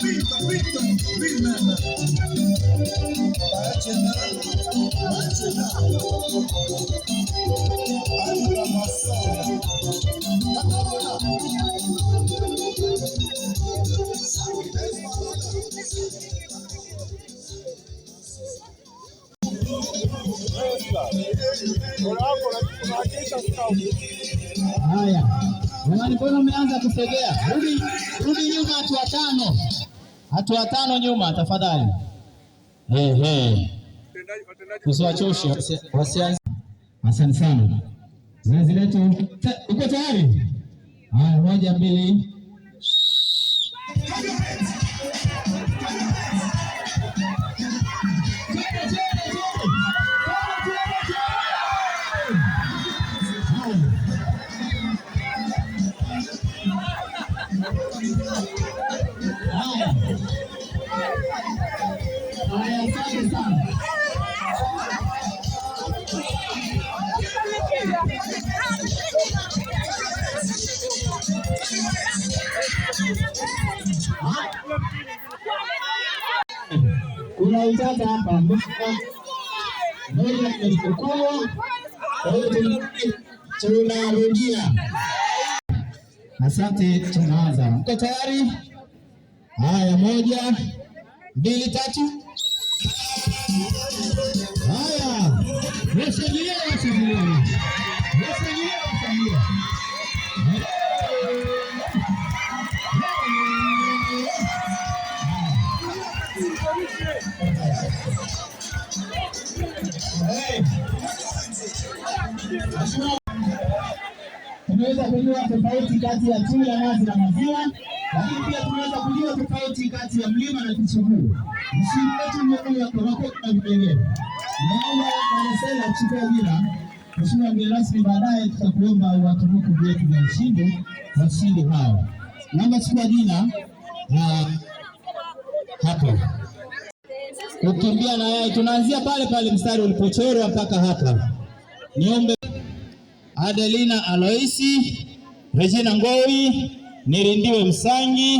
Vito, Vito, Willem. Pagina, pagina. Alla massona. Ancora. Haya, jamani, mbona mmeanza kusegea? Rudi rudi nyuma, watu watano. hatua tano nyuma tafadhali. Hey, Usiwachoshe wasianze. Asante sana. Zoezi letu uko tayari? Haya, moja mbili Haya, asante sana. Kuna utata hapa moja, tumechukua kwa hiyo tunarudia. Asante, tunaanza. Mko tayari? Haya, moja, mbili, tatu. Haya, washangilie, washangilie, washangilie, washangilie. Tunaweza kujua tofauti kati ya tui la nazi na maziwa lakini pia tunaweza kujua tofauti kati ya mlima na kichuguu. Msiuetuakorokea vipengele naomba Balesela kuchukua jina Mheshimiwa mgeni rasmi, baadaye tutakuomba watunuku vyetu vya ushindi washindi hawa. Naomba chukua jina hapo kukimbia na yai, tunaanzia pale pale mstari ulipochorwa mpaka hapa. Niombe Adelina Aloisi, Regina Ngowi Nirindiwe Msangi